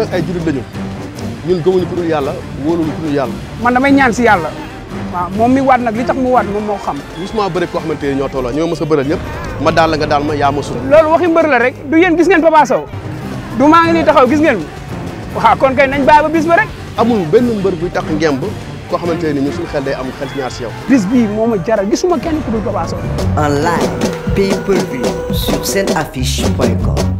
nag ay jullit yàlla wóoluñu ku dul yàlla. man damay ñaan si yàlla. waaw moom mi waat nag li tax mu waat moom moo xam. gisuma bëri koo xamante ne ñoo tolloo ñoo a bëral ñëpp ma daal la nga daal ma yaa ma sut. loolu waxi mbër la rek du yéen gis ngeen Papa du maa ngi nii taxaw gis ngeen waaw kon kay nañ bàyyi ba bis ba rek. amul benn mbër buy tax ngemb koo xamante ne ñun suñu xel day am xel ci ñaar si yow. bis bii moo ma jaral gisuma kenn ku dul Papa Sow. en live pay per view sur seen affiche point com.